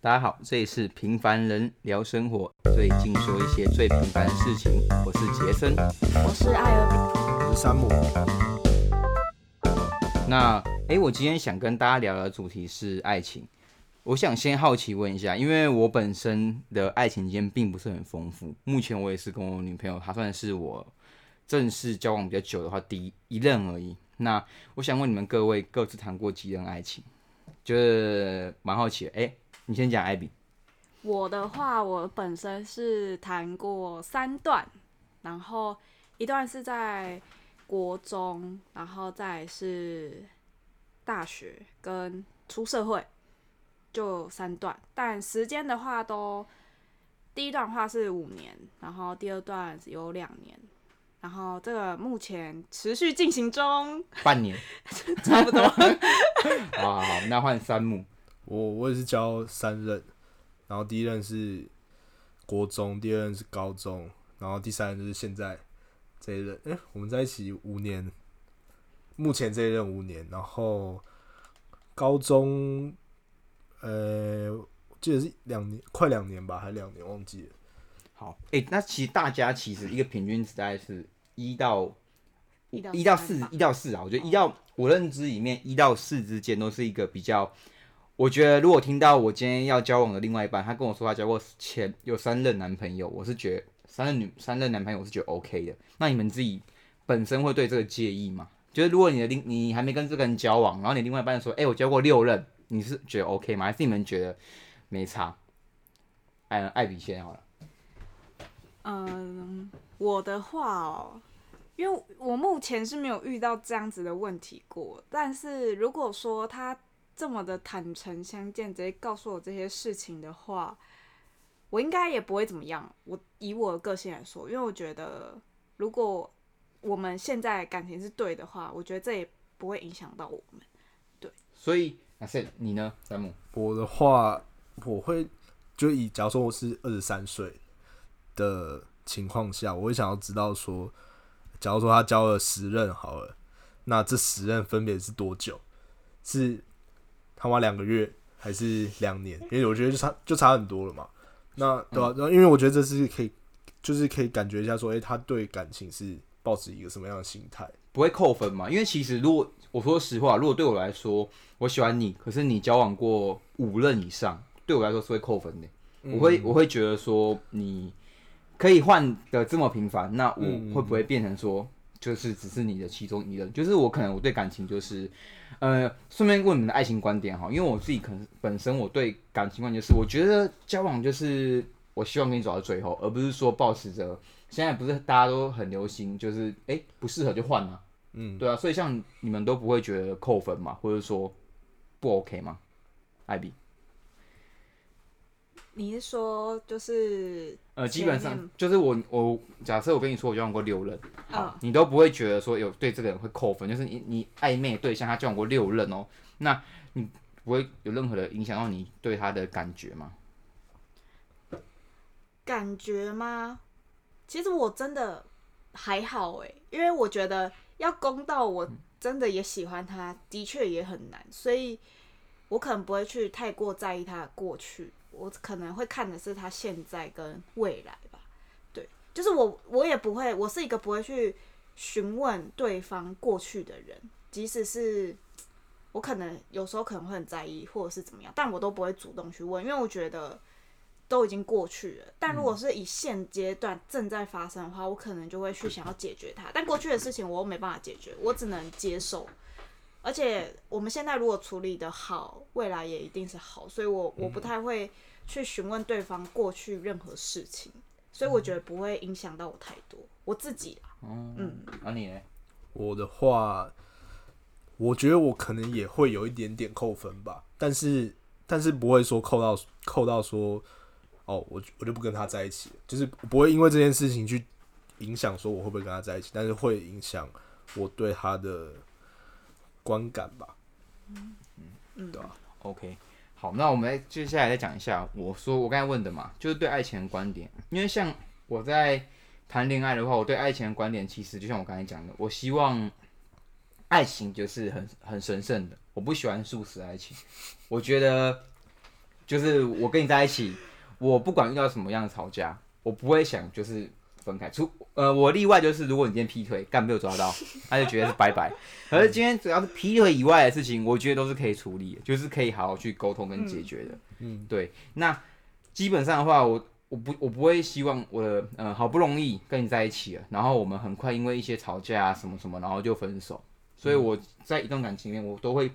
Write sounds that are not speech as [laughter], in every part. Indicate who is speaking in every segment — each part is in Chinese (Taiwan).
Speaker 1: 大家好，這裡是平凡人聊生活，最近說一些最平凡的事情。我是傑森，我
Speaker 2: 是艾爾比，我是山姆。
Speaker 1: 那誒、欸，我今天想跟大家聊，聊的主題是愛情。我想先好奇問一下，因為我本身的愛情經驗並不是很豐富，目前我也是跟我女朋友，她算是我正式交往比較久的話第一,一任而已。那我想問你們各位，各自談過幾任愛情？就是蠻好奇的，誒、欸。你先講艾比，
Speaker 3: 我的話，我本身是談過三段，然後一段是在國中，然後再是大學跟出社會，就三段。但時間的話都，都第一段話是五年，然後第二段有兩年，然後這個目前持續進行中，
Speaker 1: 半年 [laughs] 差不多。
Speaker 2: [laughs] 好好好，那換山姆。我我也是交三任，然後第一任是國中，第二任是高中，然後第三任就是現在這一任。哎，我們在一起五年，目前這一任五年，然後高中呃，記得是兩年，快兩年吧，還兩年忘記了。
Speaker 1: 好，誒、欸，那其實大家其實一個平均值大概是一到一到一到四，一到四啊，我覺得一到好我認知裡面一到四之間都是一個比較。我覺得，如果聽到我今天要交往的另外一半，他跟我說他交過前有三任男朋友，我是覺得三任女三任男朋友我是覺得 OK 的。那你們自己本身會對這個介意嗎？就是如果你的另你還沒跟這個人交往，然後你另外一半說：“哎，我交過六任”，你是覺得 OK 嗎？還是你們覺得沒差？Albee、Albee 先好了。嗯，
Speaker 3: 我的話哦，因為我目前是沒有遇到這樣子的問題過。但是如果說他。這麼的坦誠相見，直接告訴我這些事情的話，我應該也不會怎麼樣。我以我的個性來說，因為我覺得，如果我們現在感情是對的話，我覺得這也不會影響到我們。
Speaker 1: 對，所以阿 Sam，你呢？Sam，我的話，我
Speaker 2: 會就以假如說我是二十三歲的情況下，我會想要知道說，假如說他交了十任好了，那這十任分別是多久，是？他玩兩個月還是兩年？因為我覺得就差就差很多了嘛。那對啊，然後、嗯、因為我覺得這是可以，就是可以感覺一下說，哎、欸，他對感情是抱持一個什麼樣的心態？
Speaker 1: 不會扣分嘛？因為其實如果我說實話，如果對我來說，我喜歡你，可是你交往過五任以上，對我來說是會扣分的。嗯、我會我會覺得說，你可以換得這麼頻繁，那我會不會變成說，就是只是你的其中一任？嗯、就是我可能我對感情就是。呃，順便問你們的愛情觀點哈，因為我自己可能本身我對感情觀就是，我覺得交往就是我希望跟你走到最後，而不是說保持着。現在不是大家都很流行，就是哎、欸、不適合就換啊，嗯，對啊，所以像你們都不會覺得扣分嘛，或者說不 OK 嗎，艾比？
Speaker 3: 你是說，就是呃，基本上
Speaker 1: 就是我我假設我跟你說我，我交往過六任，啊，你都不會覺得說有對這個人會扣分，就是你你曖昧對象他交往過六任哦，那你不會有任何的影響到你對他的感覺嗎？
Speaker 3: 感覺嗎？其實我真的還好哎、欸，因為我覺得要公道，我真的也喜歡他，嗯、的確也很難，所以我可能不會去太過在意他的過去。我可能會看的是他現在跟未來吧，對，就是我我也不會，我是一個不會去詢問對方過去的人，即使是，我可能有時候可能會很在意或者是怎麼樣，但我都不會主動去問，因為我覺得都已經過去了。但如果是以現階段正在發生的話，我可能就會去想要解決它。但過去的事情我又沒辦法解決，我只能接受。而且我們現在如果處理得好，未來也一定是好，所以我我不太會去詢問對方過去任何事情，所以我覺得不會影響到我太多，我自己啦。
Speaker 2: 嗯，那、嗯啊、你呢？我的話，我覺得我可能也會有一點點扣分吧，但是但是不會說扣到扣到說，哦，我我就不跟他在一起，就是不會因為這件事情去影響說我會不會跟他在一起，但是會影響我對他的。觀
Speaker 1: 感吧，嗯嗯對啊，OK，好，那我們接下來再講一下，我說我剛才問的嘛，就是對愛情的觀點。因為像我在談戀愛的話，我對愛情的觀點其實就像我剛才講的，我希望愛情就是很很神聖的，我不喜歡速食愛情。我覺得就是我跟你在一起，我不管遇到什麼樣的吵架，我不會想就是。分開，除呃我例外，就是如果你今天劈腿，但沒有抓到， [laughs] 他就覺得是拜拜。可是今天只要是劈腿以外的事情，我覺得都是可以處理的，就是可以好好去溝通跟解決的。嗯，嗯對。那基本上的話我，我我不我不會希望我的呃好不容易跟你在一起了，然後我們很快因為一些吵架啊什麼什麼，然後就分手。所以我在一段感情裡面，我都會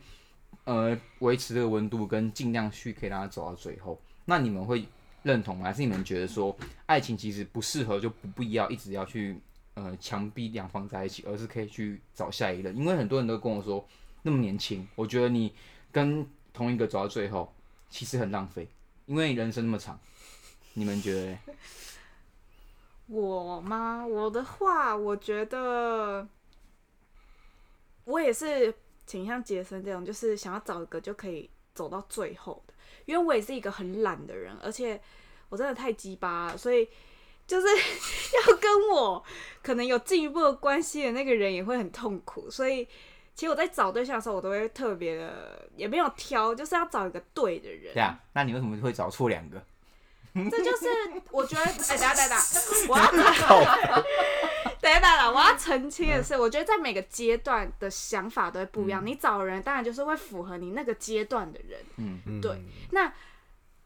Speaker 1: 呃維持這個溫度，跟儘量去可以讓他走到最後。那你們會？認同嗎？還是你們覺得說，愛情其實不適合，就不必要一直要去呃強逼兩方在一起，而是可以去找下一任，人？因為很多人都跟我說，那麼年輕，我覺得你跟同一個走到最後，其實很浪費，因為人生那麼長。你們覺得？
Speaker 3: 我嗎？我的話，我覺得我也是挺像杰森這種，就是想要找一個就可以。走到最後的，因為我也是一個很懶的人，而且我真的太雞掰了，所以就是 [laughs] 要跟我可能有進一步的關係的那個人也會很痛苦，所以其實我在找對象的時候，我都會特別的，也沒有挑，就是要找一個對的人。對啊。
Speaker 1: 那你為什麼會找錯兩個？
Speaker 3: 這就是我覺得，哎，等下再打，我要等等，我要澄清的是，嗯、我覺得在每個階段的想法都會不一樣。嗯、你找人當然就是會符合你那個階段的人。嗯嗯，對。嗯、那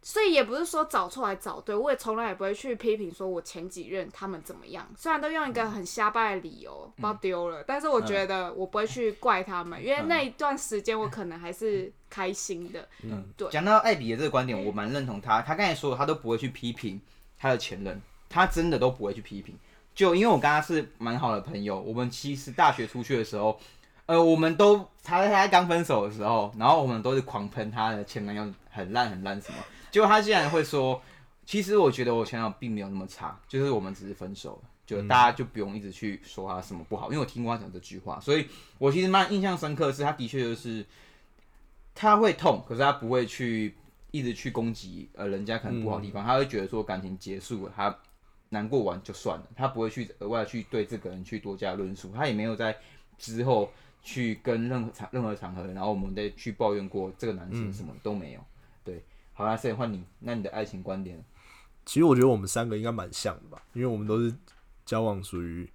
Speaker 3: 所以也不是說找錯來找對，我也從來也不會去批評說我前幾任他們怎麼樣，雖然都用一個很瞎掰的理由，把我丟、嗯、了，但是我覺得我不會去怪他們，嗯、因為那一段時間我可能還是開心的。嗯，
Speaker 1: 對。講、嗯、到艾比的這個觀點，我蠻認同他。他剛才說的他都不會去批評他的前任，他真的都不會去批評。就因為我跟他是蠻好的朋友，我們其實大學出去的時候，呃，我們都他他剛分手的時候，然後我們都是狂噴他的前男友很爛很爛什麼，結果他竟然會說，其實我覺得我前男友並沒有那麼差，就是我們只是分手了，就大家就不用一直去說他什麼不好，因為我聽過他講這句話，所以我其實蠻印象深刻的是，他的確就是他會痛，可是他不會去一直去攻擊，呃，人家可能不好的地方，他會覺得說感情結束了，他。難過完就算了，他不會去額外去對這個人去多加論述，他也沒有在之後去跟任何場任何場合，然後我們再去抱怨過這個男生什麼、嗯、都沒有。對，好啦，所以換你，那
Speaker 2: 你的愛情觀點？其實我覺得我們三個應該蠻像的吧，因為我們都是交往屬於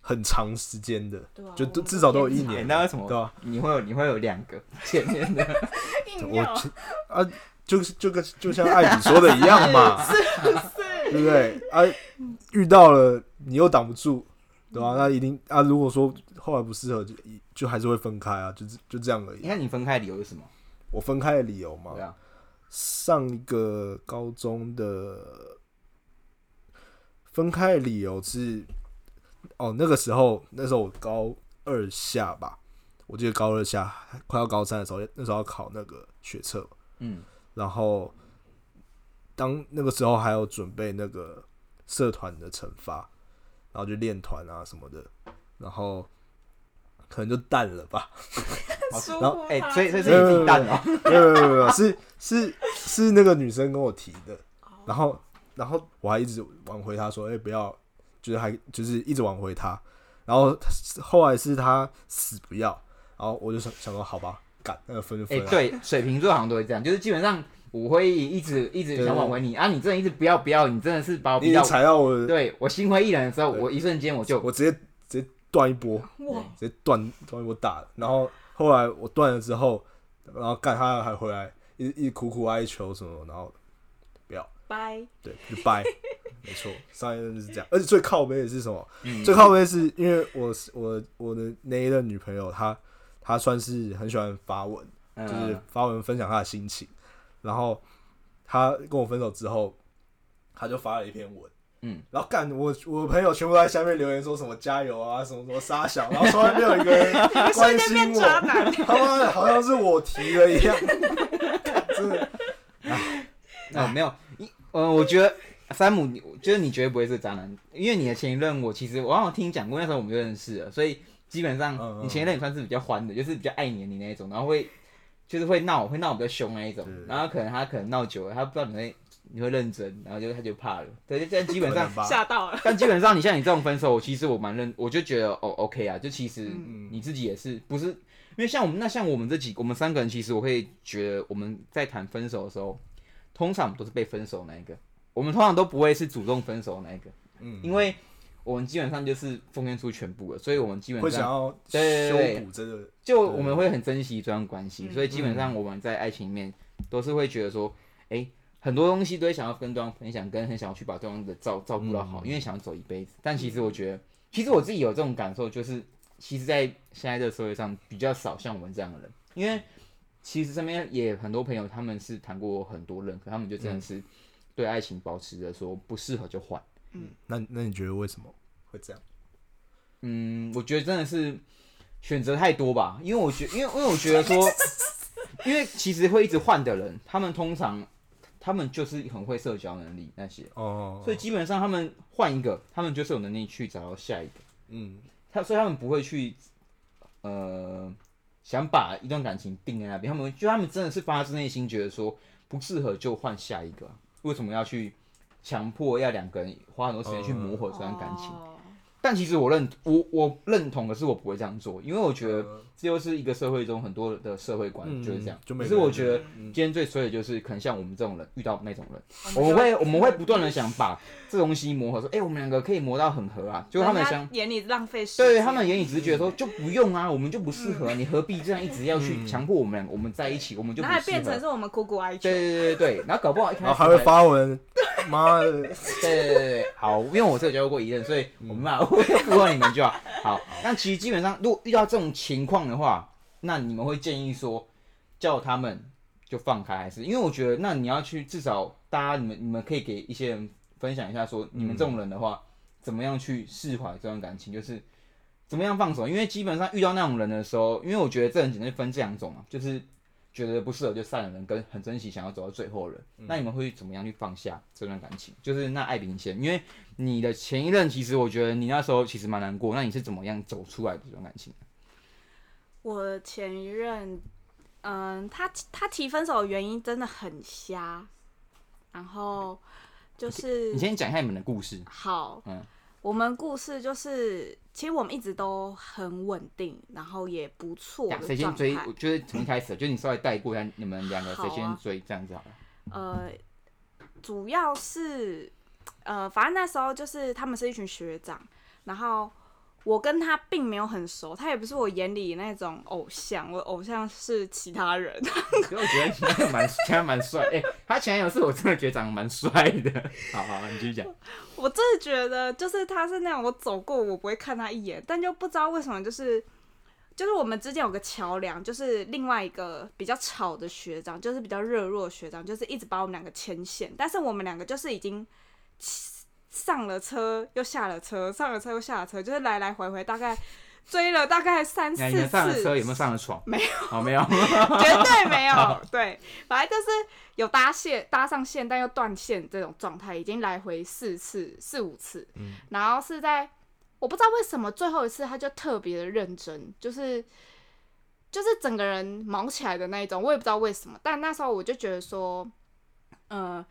Speaker 2: 很長時間的，啊、就至少都有一年。那為什麼？啊、你會有你會有兩個見面的 [laughs] 硬要 我就，一年啊，就是就跟就，就像 Albee 說的一樣嘛。 [laughs] 是是啊 [laughs] [laughs] 對不對？啊，遇到了你又擋不住，對吧？那一定啊。如果說後來不適合，就就還是會分開啊，就是就這樣而已，啊。你看你分開的理由是什麼？我分開的理由嘛，啊、上一個高中的分開的理由是，哦，那個時候那時候我高二下吧，我記得高二下快要高三的時候，那時候要考那個學測，嗯，然後。當那個時候還有準備那個社團的懲罰，然後就練團啊什麼的，然後可能就淡了吧。 [laughs] 好然後哎、啊欸，所以所以所以自己淡了。沒有沒有沒有，是是是那個女生跟我提的， [laughs] 然後然後我還一直挽回她說，哎、欸、不要，就是還就是一直挽回她。然後後來是她死不要，然後我就想
Speaker 1: 想說好吧，趕那個分就分哎、啊、欸、對，水瓶座好像都會這樣，就是基本上。我會一直一直想挽回你對啊！你真的一直不要不要，你真的是把我逼到踩
Speaker 2: 到我。對
Speaker 1: 我心灰意冷的時候，對我
Speaker 2: 一瞬間我就我直接直接斷一波，哇直接斷斷一波打。然後後來我斷了之後，然後幹他還回來，一一苦苦哀求什麼，然後不要掰，對就掰， [laughs] 沒錯，上一任是這樣。而且最靠北的是什麼？嗯、最靠北是因為我我的我的那一任女朋友，她她算是很喜歡發文，嗯嗯就是發文分享她的心情。然後他跟我分手之後，他就發了一篇文，嗯，然後幹我我朋友全部在下面留言說什麼加油啊，什麼什麼沙小，然後從來沒有一個人關心我， [laughs] 便便他媽的好像是我提的一樣 [laughs] ，
Speaker 1: 真的，啊，啊，啊沒有、呃，我覺得山姆，我覺得你絕對不會是渣男，因為你的前一任，我其實我好像聽你講過，那時候我們就認識了，所以基本上你前一任算是比較歡的，嗯嗯就是比較愛你的你那一種，然後會。就是會鬧，會鬧比較凶那一種，是然後可能他可能鬧久了，他不知道你會你會認真，然後就他就怕了，對，但基本上嚇到了。但基本上，你像你這種分手，我其實我蠻認， [laughs] 我就覺得哦，OK 啊，就其實你自己也是不是？因為像我們那像我們這幾我們三個人，其實我會覺得我們在談分手的時候，通常都是被分手那一個，我們通常都不會是主動分手那一個，嗯，因為。我們基本上就是奉獻出全部了，所以我們基本上會想要修補、這個，真的就我們會很珍惜這段關係，嗯、所以基本上我們在愛情裡面都是會覺得說，哎、嗯欸，很多東西都會想要跟對方分享，跟很想要去把對方的照照顧到好，嗯、因為想要走一輩子。嗯、但其實我覺得，其實我自己有這種感受，就是其實，在現在這個社會上比較少像我們這樣的人，因為其實身邊也很多朋友，他們是談過很多任何，可他們就真的是對愛情保持着說不適合就換。嗯，那那你覺得為什麼會這樣？嗯，我覺得真的是選擇太多吧，因為我覺得，因為因為我覺得說， [laughs] 因為其實會一直換的人，他們通常他們就是很會社交能力那些哦，哦，哦，哦，所以基本上他們換一個，他們就是有能力去找到下一個。嗯，他所以他們不會去呃想把一段感情定在那邊，他們就他們真的是發自內心覺得說不適合就換下一個，為什麼要去？強迫要兩個人花很多時間去磨合這段感情，oh. 但其實我認我我認同的是我不會這樣做，因為我覺得。這就是一個社會中很多的社會觀就是這樣。可是我覺得今天最衰的就是可能像我們這種人遇到那種人，我們會我們會不斷的想把這東西磨合，說哎我們兩個可以磨到很合啊。就他們眼
Speaker 3: 裡浪費時。對他們
Speaker 1: 眼裡直覺說就不用啊，我們就不適合，你何必這樣一直要去強迫我們兩個我們在一起，我們就變成
Speaker 3: 是我們苦苦哀求。
Speaker 1: 對對對對，然後搞不好還會發文，媽的。對對對，好，因為我有交過一任，所以我們倆會問你們就好。但其實基本上如果遇到這種情況。的話，那你們會建議說叫他們就放開，還是因為我覺得那你要去至少大家你們你們可以給一些人分享一下，說你們這種人的話，怎麼樣去釋懷這段感情，就是怎麼樣放手。因為基本上遇到那種人的時候，因為我覺得這人只能分這兩種嘛，就是覺得不適合就散的人跟很珍惜想要走到最後的人。那你們會怎麼樣去放下這段感情？就是那 Albee 你先，因為你的前一任，其實我覺得你那時候其實蠻難過。那你是怎麼樣走出來的這段感情？
Speaker 3: 我前任，嗯，他他提分手的原因真的很瞎，然後就是你先，你先
Speaker 1: 講一下你們的故事。
Speaker 3: 好，嗯，我們故事就是，其實我們一直都很穩定，然後也不錯。兩誰先追？我
Speaker 1: 覺得從一開始，就是你稍微帶過一下你們兩個誰先追，啊、這樣子好了。
Speaker 3: 呃，主要是，呃，反正那時候就是他們是一群學長，然後。我跟他並沒有很熟，他也不是我眼裡那種偶像，我偶像是其他人。所
Speaker 1: 以我覺得他蠻，其他蠻帥。哎、欸，他前男友是我真的覺得長得蠻帥的。好好，你繼續講。
Speaker 3: 我真的覺得，就是他是那樣，我走過我不會看他一眼，但就不知道為什麼，就是就是我們之間有個橋樑，就是另外一個比較吵的學長，就是比較熱絡的學長，就是一直把我們兩個牽線，但是我們兩個就是已經。上了車又下了車，上了車又下了車，就是來來回回，大概追了大概 3, [laughs] 三四次。你們上了車有沒有
Speaker 1: 上了床？沒有、哦，沒有， [laughs] 絕對沒有。
Speaker 3: 好對，反正就是有搭線、搭上線，但又斷線這種狀態，已經來回四次、四五次。嗯、然後是在我不知道為什麼最後一次他就特別的認真，就是就是整個人毛起來的那種，我也不知道為什麼。但那時候我就覺得說，呃。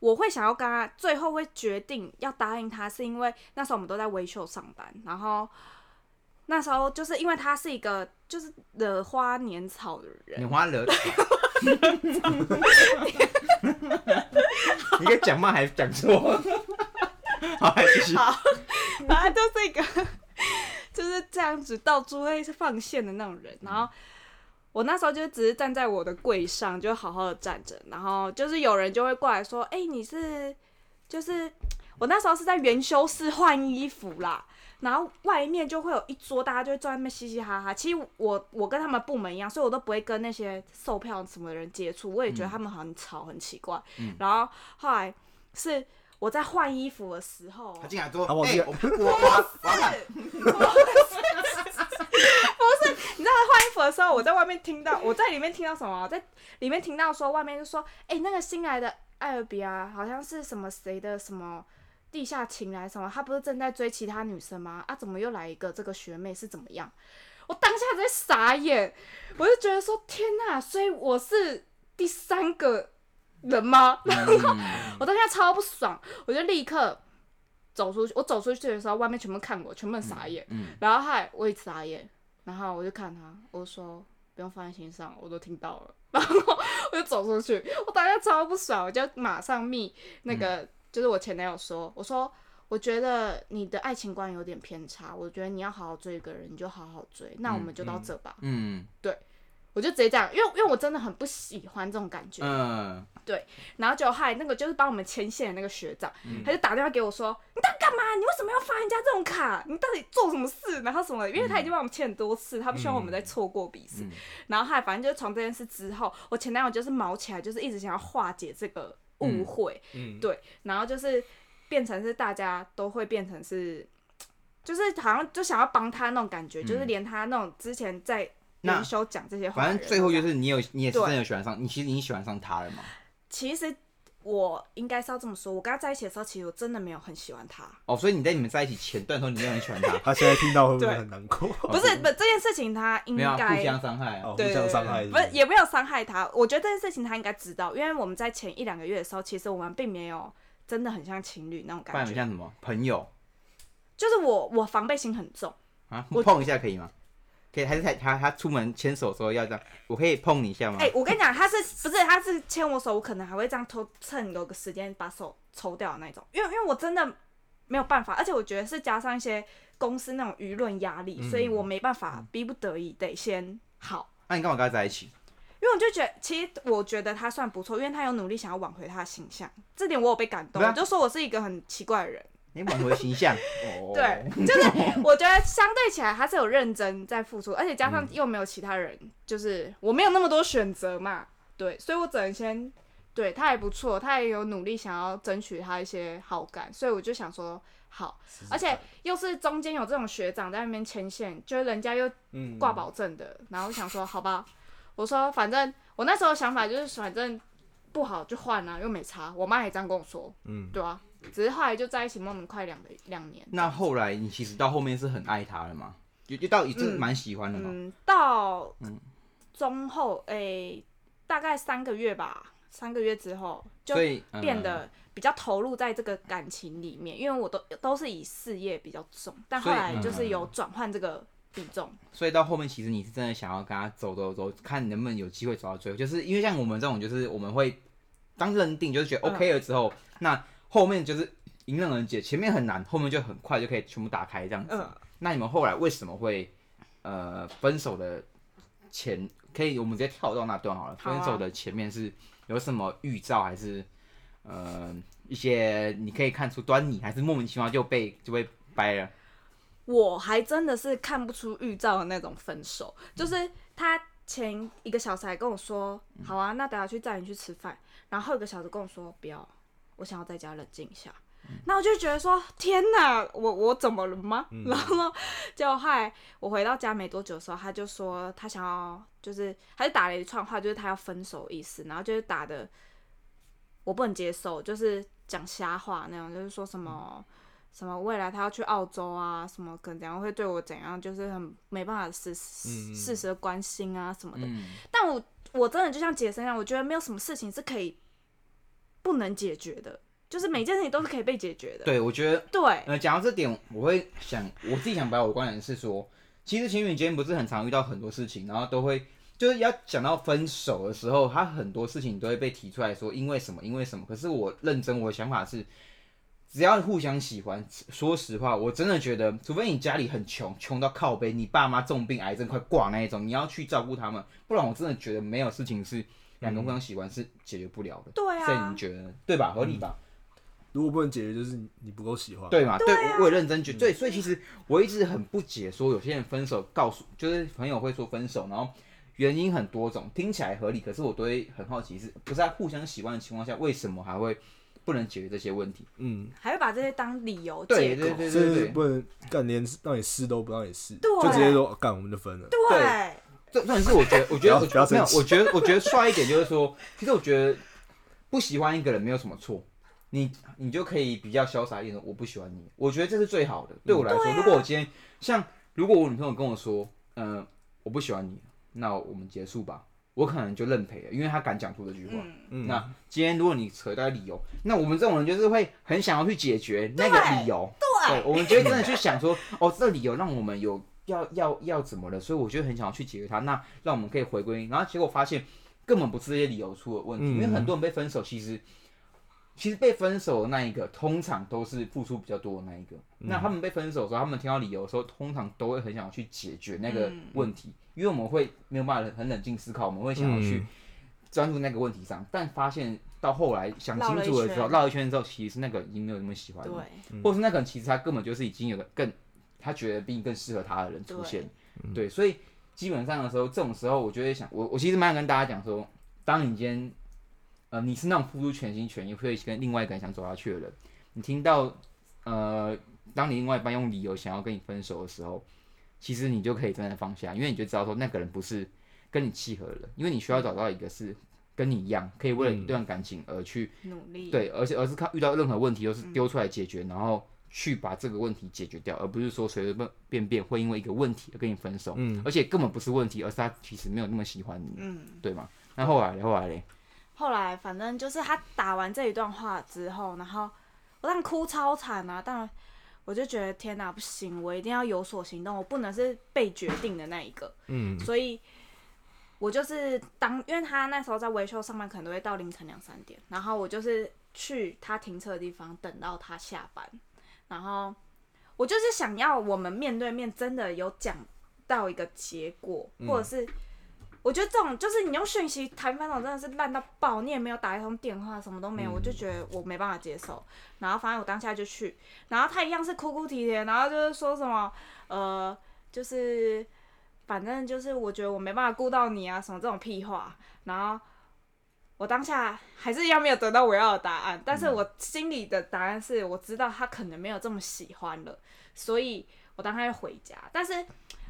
Speaker 3: 我會想要跟他，最後會決定要答應他，是因為那時候我們都在威秀上班，然後那時候就是因為他是一個就是惹花拈草的人，
Speaker 1: 惹花惹草，你該講嘛還是講說？好，繼續好，
Speaker 3: 啊，就是一個就是這樣子到處會是放線的那種人，然後。我那時候就只是站在我的櫃上，就好好的站着，然後就是有人就會過來說：“哎、欸，你是就是我那時候是在元修室換衣服啦。”然後外面就會有一桌，大家就會坐在那邊嘻嘻哈哈。其實我我跟他們部門一樣，所以我都不會跟那些售票什麼的人接觸。我也覺得他們很吵，很奇怪。嗯、然後後來是我在換衣服的時候，他進來說：“哎、欸，我。
Speaker 1: 我”我我 [laughs] 是 [laughs]
Speaker 3: 在換衣服的時候，我在外面聽到，我在裡面聽到什麼？在裡面聽到說，外面就說，哎，那個新來的艾爾比啊，好像是什麼誰的什麼地下情來什麼？他不是正在追其他女生嗎？啊，怎麼又來一個這個學妹是怎麼樣？我當下在傻眼，我就覺得說，天哪、啊！所以我是第三個人嗎？然後我當下超不爽，我就立刻走出去。我走出去的時候，外面全部看我，全部傻眼。然後害我也傻眼。然後我就看他，我說不用放在心上，我都聽到了。然後我就走出去，我當下超不爽，我就馬上密那個，嗯、就是我前男友說，我說我覺得你的愛情觀有點偏差，我覺得你要好好追一個人，你就好好追。嗯、那我們就到這吧，
Speaker 1: 嗯，
Speaker 3: 對。我就直接這樣，因為因為我真的很不喜歡這種感覺。嗯、呃，對。然後就害那個就是幫我們牽線的那個學長，嗯、他就打電話給我說：“你到底幹嘛？你為什麼要發人家這種卡？你到底做什麼事？”然後什麼，因為他已經幫我們牽很多次，他不希望我們再錯過彼此。嗯、然後害反正就是從這件事之後，我前男友就是毛起來，就是一直想要化解這個誤會嗯。嗯，對。然後就是變成是大家都會變成是，就是好像就想要幫他那種感覺，就是連他那種之前在。嗯那講這些話，反正最後就
Speaker 1: 是你有，你也是真的有喜歡上對你，其實你喜歡上他了嗎？
Speaker 3: 其實我應該是要這麼說，我跟他在一起的時候，其實我真的沒有很喜歡他。
Speaker 1: 哦，所以你在你們在一起前段時候，你沒有很喜歡他， [laughs] 他現在聽到會不會很難過？對 [laughs] 不是，不，
Speaker 3: 這件事情他應該互、啊、相傷害，互相傷害，不是，也沒有傷害他。我覺得這件事情他應該知道，因為我們在前一兩個月的時候，其實我們並沒有真的很像情侶那種感覺，不然你
Speaker 1: 像什麼？朋友？
Speaker 3: 就是我，我防備心很重
Speaker 1: 啊，碰一下可以嗎？可以，還是他他他出門牽手的時候要這樣，我可以碰你一下嗎？哎、欸，我
Speaker 3: 跟你講，他是不是他是牽我手，我可能還會這樣偷趁有個時間把手抽掉的那種，因為因為我真的沒有辦法，而且我覺得是加上一些公司那種輿論壓力，嗯、所以我沒辦法，嗯、逼不得已得先好。那、
Speaker 1: 啊、你幹嘛跟他在一起？
Speaker 3: 因為我就覺得，其實我覺得他算不錯，因為他有努力想要挽回他的形象，這點我有被感動。是我就說我是一個很奇怪的人。
Speaker 1: 挽回、欸、形象， [laughs] 對，就
Speaker 3: 是我覺得相對起來他是有認真在付出，而且加上又沒有其他人，嗯、就是我沒有那麼多選擇嘛，對，所以我只能先對他還不錯，他也有努力想要爭取他一些好感，所以我就想說好，而且又是中間有這種學長在那邊牽線，就是人家又掛保證的，嗯嗯，然後想說好吧，我說反正我那時候想法就是反正不好就換了、啊、又沒差，我媽也這樣跟我說，嗯，對吧、啊？只是後來就在一起，我們快兩兩年。
Speaker 1: 那後來你其實到後面是很愛他的嗎？嗯。就到就到已經蠻喜歡的嗎？嗯。嗯，
Speaker 3: 到嗯中後，哎，欸，大概三個月吧。三個月之後就變得比較投入在這個感情裡面，嗯，因為我都都是以事業比較重，但後來就是有轉換這個比重所，
Speaker 1: 嗯嗯。所以到後面其實你是真的想要跟他走走走，看能不能有機會走到最後。就是因為像我們這種，就是我們會當認定就是覺得 OK 了之後，嗯、那。後面就是迎刃而解，前面很難，後面就很快就可以全部打開這樣子。呃、那你們後來為什麼會呃分手的前，可以我們直接跳到那段好了。分手的前面是有什麼預兆，還是呃一些你可以看出端倪，還是莫名其妙就被就被掰了？
Speaker 3: 我還真的是看不出預兆的那種分手，嗯、就是他前一個小時還跟我說、嗯、好啊，那等下去載你去吃飯，然後一個小時跟我說不要，我想要在家冷靜一下，嗯、那我就覺得說天哪，我我怎麼了嗎？嗯、然後就後來我回到家沒多久的時候，他就說他想要，就是他就打了一串話，就是他要分手意思，然後就是打的我不能接受，就是講瞎話那種，就是說什麼、嗯、什麼未來他要去澳洲啊，什麼可能怎樣會對我怎樣，就是很沒辦法實事、嗯、事實的關心啊什麼的。嗯、但我我真的就像杰森一樣，我覺得沒有什麼事情是可以。不能解決的，就是每件事情都是可以被解決的。對，
Speaker 1: 我覺得對。呃，講到這點，我會想，我自己想表達的觀點是說，其實情侶間不是很常遇到很多事情，然後都會就是要講到分手的時候，他很多事情都會被提出來說，因為什麼，因為什麼。可是我認真，我的想法是，只要互相喜歡，說實話，我真的覺得，除非你家裡很窮，窮到靠北，你爸媽重病，癌症快掛那一種，你要去照顧他們，不然我真的覺得沒有事情是。兩個互相喜歡是解決不了的，對啊，所以你覺得對吧？合理吧？
Speaker 2: 如果不能
Speaker 1: 解決，就是你，你不夠喜歡，對嘛？對啊，對，我，我也認真覺得。嗯、對，所以其實我一直很不解，說有些人分手告訴就是朋友會說分手，然後原因很多種，聽起來合理，可是我都會很好奇，是不是在互相喜歡的情況下，為什麼還會不能解決這些問題？嗯，
Speaker 3: 還會把這些當理由？對，對對對對對，是不，是
Speaker 1: 不能幹
Speaker 2: 連讓你試都不讓你試，對欸，就直接說幹我們就分了。對。對
Speaker 1: 這重點是我覺，我覺得，我覺得沒有，我覺得，我覺得帥一點就是說，其實我覺得不喜歡一個人沒有什麼錯，你你就可以比較瀟灑一點，點，我不喜歡你，我覺得這是最好的，對我來說，如果我今天像如果我女朋友跟我說，嗯，我不喜歡你，那我們結束吧，我可能就認賠了，因為她敢講出這句話。那今天如果你扯到理由，那我們這種人就是會很想要去解決那個理由。對，對，對我們就會真的去想說，哦，這理由讓我們有。要要要怎麼了？所以我就很想要去解決它。那讓我們可以回歸。然後結果發現根本不是這些理由出了問題，嗯、因為很多人被分手，其實其實被分手的那一個通常都是付出比較多的那一個。嗯、那他們被分手的時候，他們聽到理由的時候，通常都會很想要去解決那個問題，嗯、因為我們會沒有辦法很冷靜思考，我們會想要去專注那個問題上。嗯、但發現到後來想清楚的時候，繞一,一圈之後，其實那個人已經沒有那麼喜歡了，對，或是那個人其實他根本就是已經有了更。他覺得比你更適合他的人出現，對，對，所以基本上的時候，這種時候，我覺得想，我我其實蠻想跟大家講說，當你今天，呃，你是那種付出全心全意，會跟另外一個人想走下去的人，你聽到，呃，當你另外一半用理由想要跟你分手的時候，其實你就可以真的放下，因為你就知道說那個人不是跟你契合了，因為你需要找到一個是跟你一樣，可以為了一段感情而去努力，對，而且而是靠遇到任何問題都是丟出來解決，嗯、然後。去把這個問題解決掉，而不是說隨隨便便會因為一個問題而跟你分手，嗯，而且根本不是問題，而是他其實沒有那麼喜歡你，嗯，對嗎？那後來後來呢？後來，
Speaker 3: 後來反正就是他打完這一段話之後，然後我當然哭超慘啊，但我就覺得天哪，啊，不行，我一定要有所行動，我不能是被決定的那一個，嗯，所以我就是當，因為他那時候在維修上班，可能都會到凌晨兩三點，然後我就是去他停車的地方，等到他下班。然後我就是想要我們面對面真的有講到一個結果，嗯、或者是我覺得這種就是你用訊息談分手真的是爛到爆，你也沒有打一通電話，什麼都沒有，我就覺得我沒辦法接受。嗯、然後反正我當下就去，然後他一樣是哭哭啼啼啼，然後就是說什麼呃，就是反正就是我覺得我沒辦法顧到你啊什麼這種屁話，然後。我當下還是一樣沒有得到我要的答案，但是我心裡的答案是，我知道他可能沒有這麼喜歡了，所以我當下要回家。但是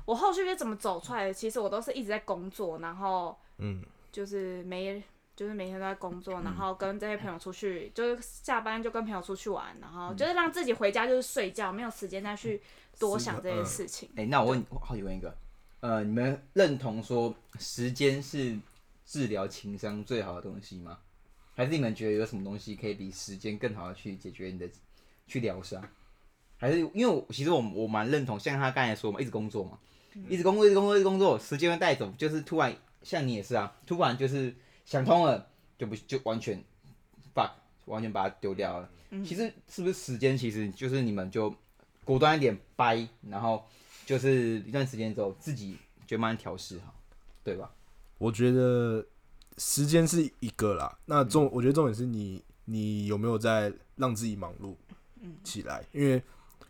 Speaker 3: 我後續是怎麼走出來的？其實我都是一直在工作，然後
Speaker 2: 嗯，
Speaker 3: 就是沒，就是每天都在工作，然後跟這些朋友出去，嗯、就是下班就跟朋友出去玩，然後就是讓自己回家就是睡覺，沒有時間再去多想這些事情。哎、呃
Speaker 1: 欸，那我問，對我好奇問一個，呃，你們認同說時間是？治療情商最好的東西嗎？還是你們覺得有什麼東西可以比時間更好的去解決你的去療傷？還是因為其實我我蠻認同，像他剛才說嘛，一直工作嘛，嗯、一直工作一直工作一直工作，時間會帶走。就是突然像你也是啊，突然就是想通了就不就完全把完全把它丟掉了。嗯、其實是不是時間其實就是你們就果斷一點掰，然後就是一段時間之後自己就慢慢調適好，對吧？
Speaker 2: 我覺得時間是一個啦，那重、嗯、我覺得重點是你你有沒有在讓自己忙碌起來？嗯、因為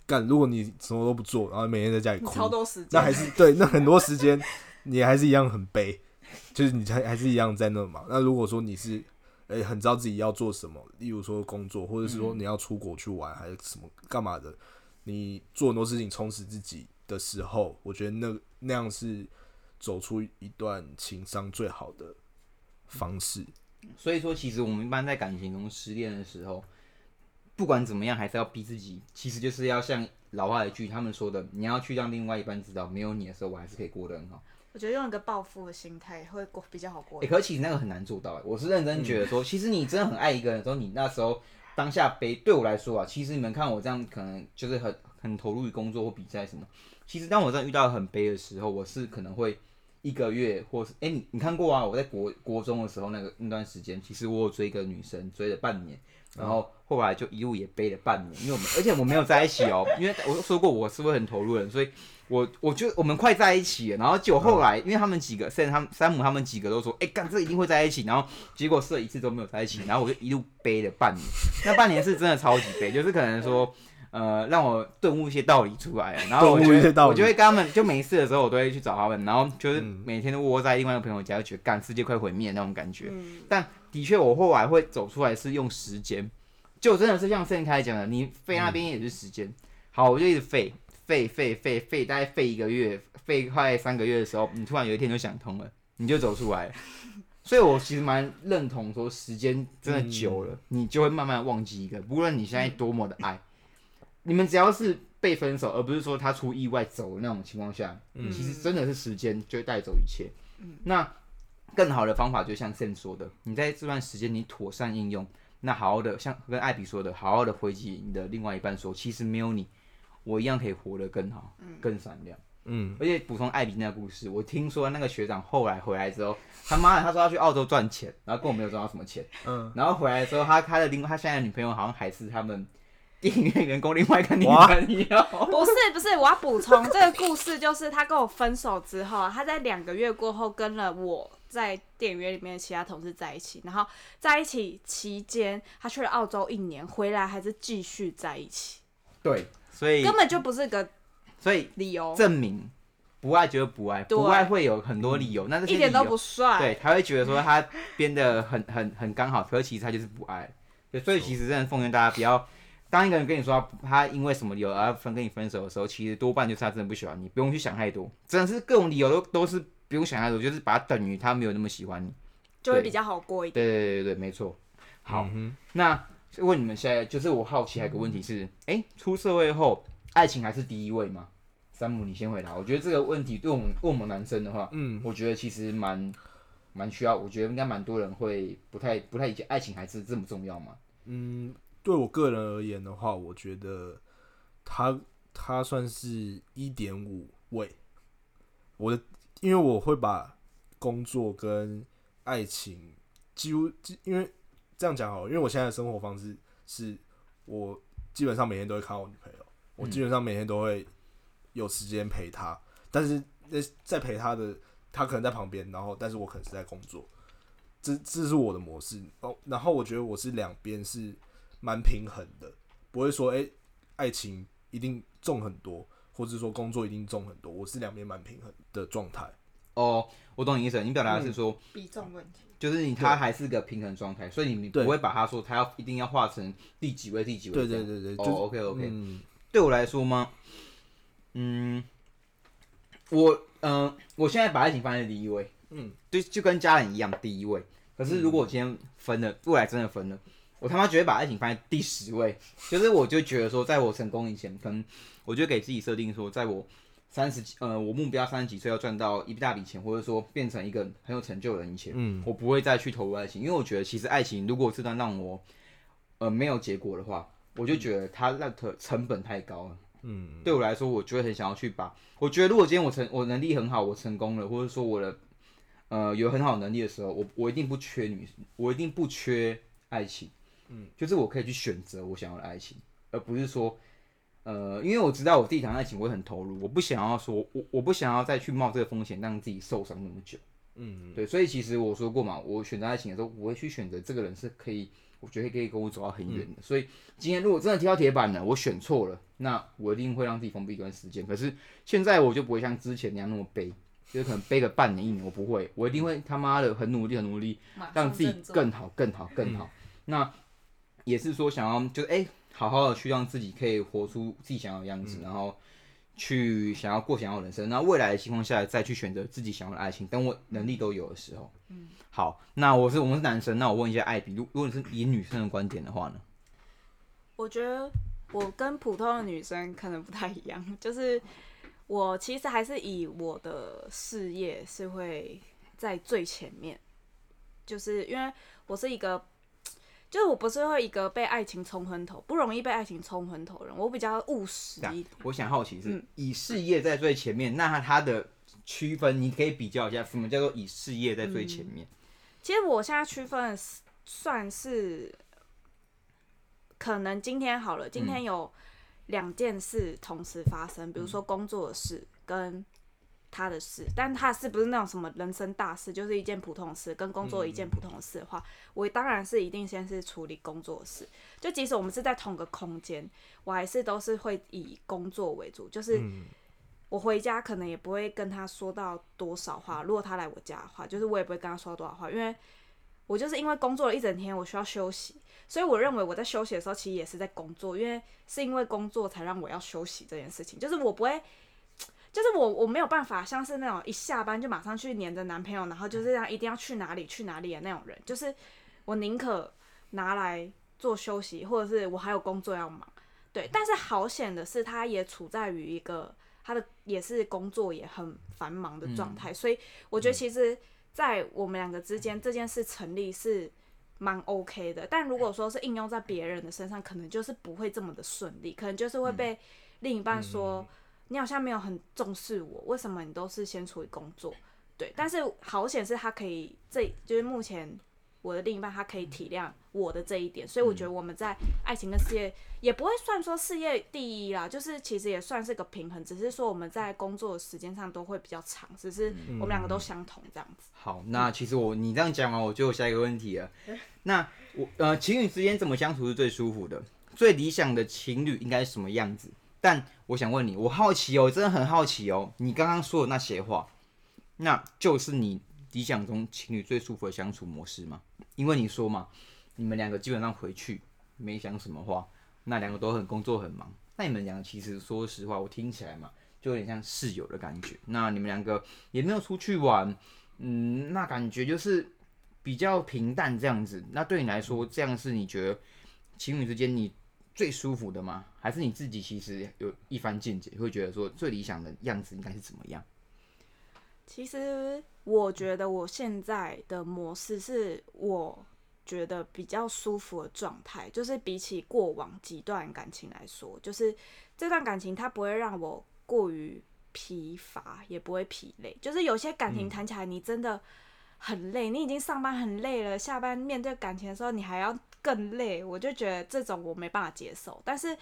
Speaker 2: 幹如果你什麼都不做，然後每天在家裡哭，你超多時間，那還是對，那很多時間你還是一樣很悲， [laughs] 就是你才還是一樣在那忙，那如果說你是哎、欸、很知道自己要做什麼，例如說工作，或者是說你要出國去玩、嗯、還是什麼幹嘛的，你做很多事情充實自己的時候，我覺得那那樣是。走出一段情商
Speaker 1: 最好的方式，所以說，其實我們一般在感情中失戀的時候，不管怎麼樣，還是要逼自己。其實就是要像老話一句，他們說的，你要去讓另外一半知道，沒有你的時候，我還是可以過得很好。
Speaker 3: 我覺得用一個報復的心態會過比較好過。誒，可
Speaker 1: 其實那個很難做到誒、欸。我是認真覺得說，其實你真的很愛一個人的時候，你那時候當下悲，對我來說啊，其實你們看我這樣，可能就是很很投入於工作或比賽什麼。其實當我在遇到很悲的時候，我是可能會。一個月，或是哎、欸，你你看過啊？我在國國中的時候，那個那段時間，其實我有追一個女生，追了半年，然後後來就一路也背了半年，因為我們而且我沒有在一起哦、喔， [laughs] 因為我說過我是不是很投入人，所以我我就我們快在一起了，然後就後來，嗯、因為他們幾個，甚至他們山姆他們幾個都說，哎、欸、幹，這一定會在一起，然後結果試了一次都沒有在一起，然後我就一路背了半年， [laughs] 那半年是真的超級背，就是可能說。呃，讓我頓悟一些道理出來，然後我就會，我就會跟他們，就沒事的時候我都會去找他們，然後就是每天都窩在另外一個朋友家，覺得幹世界快毀滅那種感覺。但的確，我後來會走出來是用時間，就真的是像盛凱講的，你廢那邊也是時間。好，我就一直飛廢廢廢廢，大概廢一個月，廢快三個月的時候，你突然有一天就想通了，你就走出來了。嗯、所以我其實蠻認同說，時間真的久了，你就會慢慢忘記一個，不論你現在多麼的愛。嗯你們只要是被分手，而不是說他出意外走的那種情況下，嗯，其實真的是時間就會帶走一切。嗯，那更好的方法，就像 Sam 說的，你在這段時間你妥善應用，那好好的像跟艾比說的，好好的回擊你的另外一半說，說其實沒有你，我一樣可以活得更好，更閃亮，嗯。嗯，而且補充艾比那個故事，我聽說那個學長後來回來之後，他媽的他說要去澳洲賺錢，然後跟我沒有賺到什麼錢，嗯，然後回來之後，他他的另外他現在的女朋友好像還是他們。影院員工另外一個女朋友。哇
Speaker 3: 好不是不是，我要補充 [laughs] 這個故事，就是他跟我分手之後，他在兩個月過後跟了我在電影院裡面的其他同事在一起，然後在一起期間，他去了澳洲一年，回來還是繼續在一起。
Speaker 1: 對，所以根本就
Speaker 3: 不是個理由，所以理由證
Speaker 1: 明不愛，覺得不愛，對不愛會有很多理由，嗯、那是一點都不帥，對，他會覺得說他編的很很很剛好，可是其實他就是不愛，所以其實真的奉勸大家不要。當一個人跟你說他，他因為什麼理由而分跟你分手的時候，其實多半就是他真的不喜歡你，不用去想太多，真的是各種理由都都是不用想太多，就是把他等於他沒有那麼喜歡你，
Speaker 3: 就會比較好過一點。對
Speaker 1: 對對，對，對沒錯。嗯、好，那問你們現在就是我好奇還有個問題是，哎、嗯欸，出社會後愛情還是第一位嗎？山姆，你先回答。我覺得這個問題對我們問我們男生的話，嗯，我覺得其實蠻蠻需要，我覺得應該蠻多人會不太不太愛情還是這麼重要嘛。嗯。
Speaker 2: 對我個人而言的話，我覺得他他算是一點五位。我的，因為我會把工作跟愛情幾乎，因為這樣講好，因為我現在的生活方式是，我基本上每天都會看我女朋友，嗯、我基本上每天都會有時間陪她。但是那在陪她的，她可能在旁邊，然後但是我可能是在工作。這這是我的模式哦。然後我覺得我是兩邊是。蠻平衡的，不會說哎、欸，愛情一定重很多，或者說
Speaker 1: 工作一定重很多。我是兩邊蠻平衡的狀態。哦，oh, 我懂你意思，你表達的是說、嗯、
Speaker 2: 比
Speaker 1: 重問題，就是你他還是個平衡狀態，對所以你不會把他說他要一定要化成第幾位，第幾位？對對對對。哦、就是 oh,，OK OK、嗯。對我來說嗎？嗯，我嗯、呃，我現在把愛情放在第一位，嗯，對，就跟家人一樣第一位。可是如果我今天分了，嗯、未來真的分了。我他媽覺得把愛情放在第十位，就是我就覺得說，在我成功以前，可能我就給自己設定說，在我三十幾，呃，我目標三十幾歲要賺到一大筆錢，或者說變成一個很有成就的人以前，嗯，我不會再去投入愛情，因為我覺得其實愛情如果這段讓我呃，沒有結果的話，我就覺得它那成本太高了。嗯，對我來說，我就會很想要去把，我覺得如果今天我成我能力很好，我成功了，或者說我的呃有很好的能力的時候，我我一定不缺女生，我一定不缺愛情。嗯，就是我可以去選擇我想要的愛情，而不是說，呃，因為我知道我自己談愛情我會很投入，我不想要說，我我不想要再去冒這個風險，讓自己受傷那麼久。嗯哼，對，所以其實我說過嘛，我選擇愛情的時候，我會去選擇這個人是可以，我覺得可以跟我走到很遠的。嗯、所以今天如果真的踢到鐵板了，我選錯了，那我一定會讓自己封閉一段時間。可是現在我就不會像之前那樣那麼悲， [laughs] 就是可能悲個半年一年，我不會，我一定會他媽的很努力很努力，讓自己更好更好更好。嗯、那。也是說想要就哎、欸，好好的去讓自己可以活出自己想要的樣子，嗯、然後去想要過想要的人生，那未來的情況下再去選擇自己想要的愛情。等我能力都有的時候，嗯，好，那我是我們是男生，那我問一下艾比，如如果你是以女生的觀點的話呢？
Speaker 3: 我覺得我跟普通的女生可能不太一樣，就是我其實還是以我的事業是會在最前面，就是因為我是一個。就是我不是會一個被愛情沖昏頭，不容易被愛情沖昏頭的人，我比較務實。
Speaker 1: 我想好奇是，嗯、以事業在最前面，那它的區分，你可以比較一下，什麼叫做以事業在最前面？
Speaker 3: 嗯、其實我現在區分的算是，算是可能今天好了，今天有兩件事同時發生，嗯、比如說工作的事跟。他的事，但他是不是那種什麼人生大事，就是一件普通事，跟工作一件普通的事的話，嗯，我當然是一定先是處理工作的事。就即使我們是在同個空間，我還是都是會以工作為主。就是我回家可能也不會跟他說到多少話，如果他來我家的話，就是我也不會跟他說多少話，因為我就是因為工作了一整天，我需要休息，所以我認為我在休息的時候其實也是在工作，因為是因為工作才讓我要休息這件事情，就是我不會。就是我我沒有辦法，像是那種一下班就馬上去黏着男朋友，然後就是這樣一定要去哪裡去哪裡的那種人。就是我寧可拿來做休息，或者是我還有工作要忙。對，但是好險的是，他也處在於一個他的也是工作也很繁忙的狀態，嗯、所以我覺得其實，在我們兩個之間、嗯、這件事成立是蠻 OK 的。但如果說是應用在別人的身上，可能就是不會這麼的順利，可能就是會被另一半說。嗯嗯你好像沒有很重視我，為什麼你都是先處理工作？對，但是好險是他可以這，這就是目前我的另一半，他可以體諒我的這一點，所以我覺得我們在愛情跟事業也不會算說事業第一啦，就是其實也算是個平衡，只是說我們在工作的時間上都會比較長，只是我們兩個都相同這樣子。嗯、
Speaker 1: 好，那其實我你這樣講完，我就有下一個問題了。嗯、那我呃，情侶之間怎麼相處是最舒服的？最理想的情侶應該是什麼樣子？但我想問你，我好奇哦，真的很好奇哦，你剛剛說的那些話，那就是你理想中情侶最舒服的相處模式嗎？因為你說嘛，你們兩個基本上回去沒講什麼話，那兩個都很工作很忙，那你們兩個其實說實話，我聽起來嘛，就有點像室友的感覺。那你們兩個也沒有出去玩，嗯，那感覺就是比較平淡這樣子。那對你來說，這樣是你覺得情侶之間你？最舒服的嗎？還是你自己其實有一番見解，會覺得說最理想的樣子應該是怎麼樣？
Speaker 3: 其實我覺得我現在的模式是我覺得比較舒服的狀態，就是比起過往幾段感情來說，就是這段感情它不會讓我過於疲乏，也不會疲累。就是有些感情談起來你真的很累，嗯、你已經上班很累了，下班面對感情的時候你還要。更累，我就覺得這種我沒辦法接受。但是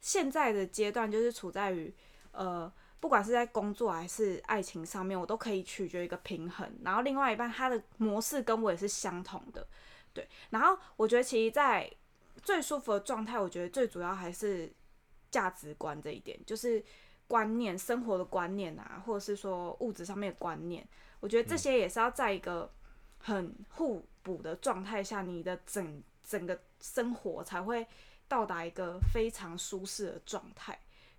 Speaker 3: 現在的階段就是處在於，呃，不管是在工作還是愛情上面，我都可以取決於一個平衡。然後另外一半他的模式跟我也是相同的，對。然後我覺得其實，在最舒服的狀態，我覺得最主要還是價值觀這一點，就是觀念、生活的觀念啊，或者是說物質上面的觀念，我覺得這些也是要在一個很互補的狀態下，你的整。整個生活才會到達一個非常舒適的狀態，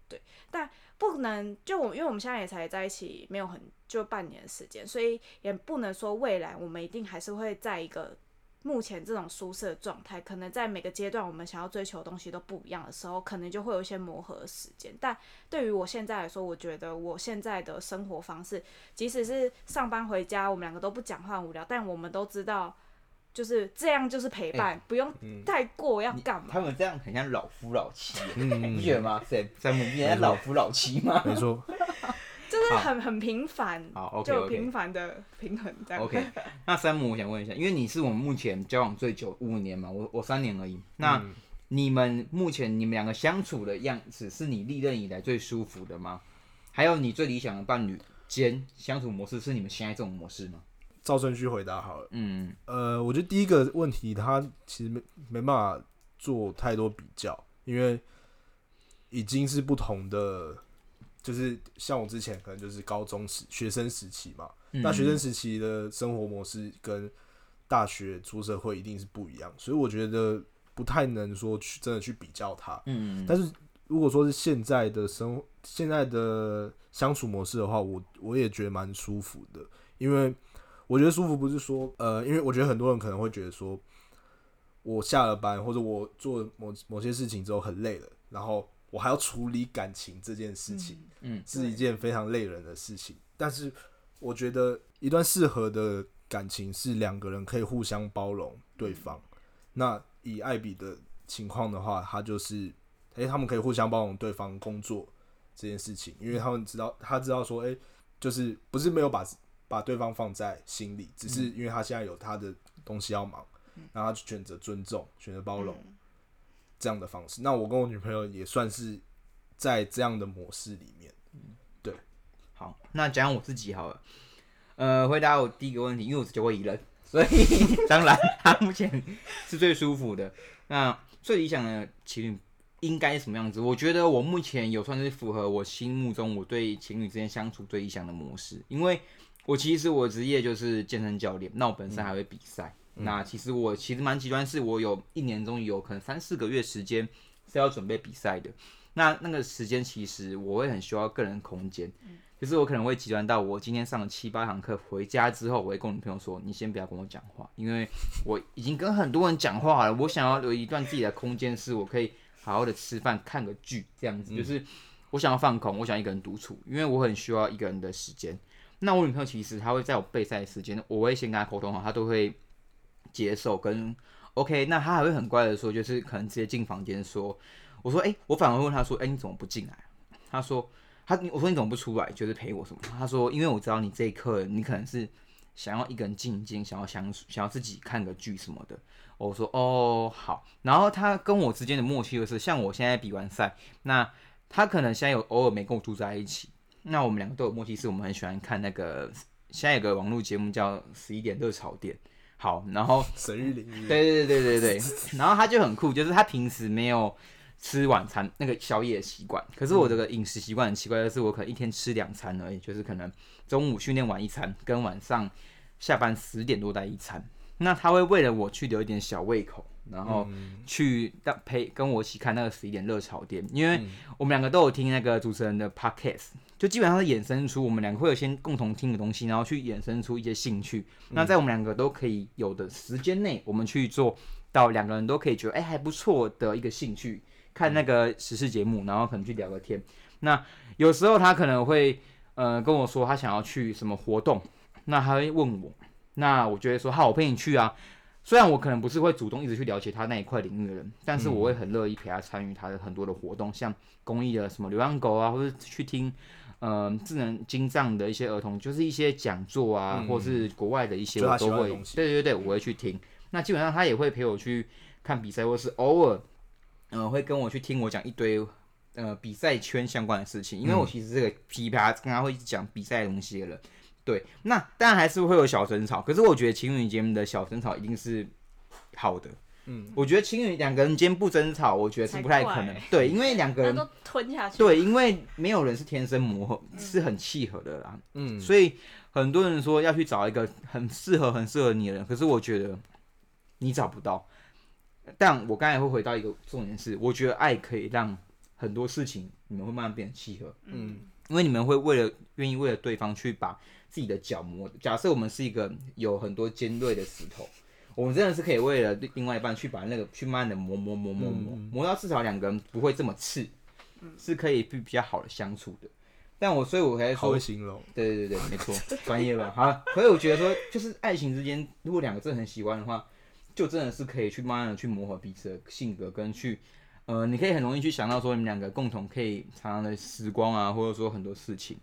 Speaker 3: 對，但不能就我，因為我們現在也才在一起，沒有很就半年的時間，所以也不能說未來我們一定還是會在一個目前這種舒適的狀態。可能在每個階段，我們想要追求的東西都不一樣的時候，可能就會有一些磨合的時間。但對於我現在來說，我覺得我現在的生活方式，即使是上班回家，我們兩個都不講話無聊，但我們都知道。就是這樣，就是陪伴，欸、不用太過、嗯、要幹
Speaker 1: 嘛。他們這樣很像老夫老妻， [laughs] 你不覺得嗎？山山姆你覺得老夫老妻嗎？你 [laughs] 說，就是很
Speaker 3: 很平凡，好 okay, okay 就平凡的平衡這樣。
Speaker 1: OK，那山姆，我想問一下，因為你是我們目前交往最久五年嘛，我我三年而已。那、嗯、你們目前你們兩個相處的樣子，是你歷任以來最舒服的嗎？還有你最理想的伴侶間相處模式，是你們現在這種模式嗎？照順序回答好了。
Speaker 2: 嗯，呃，我覺得第一個問題，他其實沒沒辦法做太多比較，因為已經是不同的，就是像我之前可能就是高中時學生時期嘛，那、嗯、學生時期的生活模式跟大學出社會一定是不一樣，所以我覺得不太能說去真的去比較他。嗯，嗯，但是如果說是現在的生現在的相處模式的話，我我也覺得蠻舒服的，因為。我覺得舒服不是說，呃，因為我覺得很多人可能會覺得說，我下了班或者我做某某些事情之後很累了，然後我還要處理感情這件事情，嗯，嗯，是一件非常累人的事情。但是我覺得一段適合的感情是兩個人可以互相包容對方。嗯、那以艾比的情況的話，他就是，誒、欸，他們可以互相包容對方工作這件事情，因為他們知道，他知道說，誒、欸，就是不是沒有把。把對方放在心裡，只是因為他現在有他的東西要忙，嗯、然後他就選擇尊重、選擇包容、嗯、這樣的方式。那我跟我女朋友也算是在這樣的模式裡面。
Speaker 1: 對，好，那講我自己好了。呃，回答我第一個問題，因為我只交過一人，所以 [laughs] 當然他目前是最舒服的。那最理想的情侶應該是什麼樣子？我覺得我目前有算是符合我心目中我對情侶之間相處最理想的模式，因為。我其實我職業就是健身教練，那我本身還會比賽。嗯、那其實我其實蠻極端的，是我有一年中有可能三四個月時間是要準備比賽的。那那個時間其實我會很需要個人空間，嗯、就是我可能會極端到我今天上了七八堂課，回家之後我會跟我朋友說：“你先不要跟我講話，因為我已經跟很多人講話了。”我想要留一段自己的空間，是我可以好好的吃飯、看個劇這樣子。嗯、就是我想要放空，我想一個人獨處，因為我很需要一個人的時間。那我女朋友其實她會在我備賽的時間，我會先跟她溝通好，她都會接受跟 OK。那她還會很乖的說，就是可能直接進房間說，我說誒、欸，我反而問她說，誒、欸，你怎麼不進來、啊？她說，她我說你怎麼不出來，就是陪我什麼？她說，因為我知道你這一刻，你可能是想要一個人靜靜，想要想想要自己看個劇什麼的。我說哦好。然後她跟我之間的默契就是，像我現在比完賽，那她可能現在有偶爾沒跟我住在一起。那我們兩個都有默契，是我們很喜歡看那個現在有個網絡節目叫《十一點熱炒店》。好，然後神玉林，對對對對對，對，然後他就很酷，就是他平時沒有吃晚餐那個宵夜的習慣。可是我這個飲食習慣很奇怪的是，我可能一天吃兩餐而已，就是可能中午訓練完一餐，跟晚上下班十點多待一餐。那他會為了我去留一點小胃口，然後去陪跟我一起看那個十一點熱炒店，因為我們兩個都有聽那個主持人的 podcast。就基本上是衍生出我們兩個會有先共同聽的東西，然後去衍生出一些興趣。那在我們兩個都可以有的時間內，我們去做到兩個人都可以覺得哎、欸、還不錯的一個興趣，看那個時事節目，然後可能去聊個天。那有時候他可能會嗯、呃、跟我說他想要去什麼活動，那他會問我，那我覺得說好，我陪你去啊。雖然我可能不是會主動一直去了解他那一塊領域的人，但是我會很樂意陪他參與他的很多的活動，嗯、像公益的什麼流浪狗啊，或者去聽。呃，智能精藏的一些兒童，就是一些講座啊，嗯、或是國外的一些，我都會，對對對對，我會去聽。那基本上他也會陪我去看比賽，或是偶爾，嗯、呃、會跟我去聽我講一堆呃比賽圈相關的事情。因為我其實這個琵琶跟他會講比賽的東西了，嗯、對。那當然還是會有小爭吵，可是我覺得情侶節目的小爭吵一定是好的。嗯，我覺得情侶兩個人間不爭吵，我覺得是不太可能。欸、對，因為兩個人都
Speaker 3: 吞下去。對，因
Speaker 1: 為沒有人是天生磨合是很契合的啦。嗯，所以很多人說要去找一個很適合、很適合你的人，可是我覺得你找不到。但我剛才會回到一個重點是，我覺得愛可以讓很多事情你們會慢慢變得契合。嗯，因為你們會為了願意為了對方去把自己的角磨，假設我們是一個有很多尖銳的石頭。我們真的是可以為了另外一半去把那個去慢慢的磨磨磨磨磨，磨，磨到至少兩個人不會這麼刺，嗯、是可以比比較好的相處的。但我所以我可以說，好會形容。對對對對，沒錯，專 [laughs] 業吧。好， [laughs] 所以我覺得說，就是愛情之間，如果兩個真的很喜歡的話，就真的是可以去慢慢的去磨合彼此的性格，跟去呃，你可以很容易去想到說你們兩個共同可以常常的時光啊，或者說很多事情。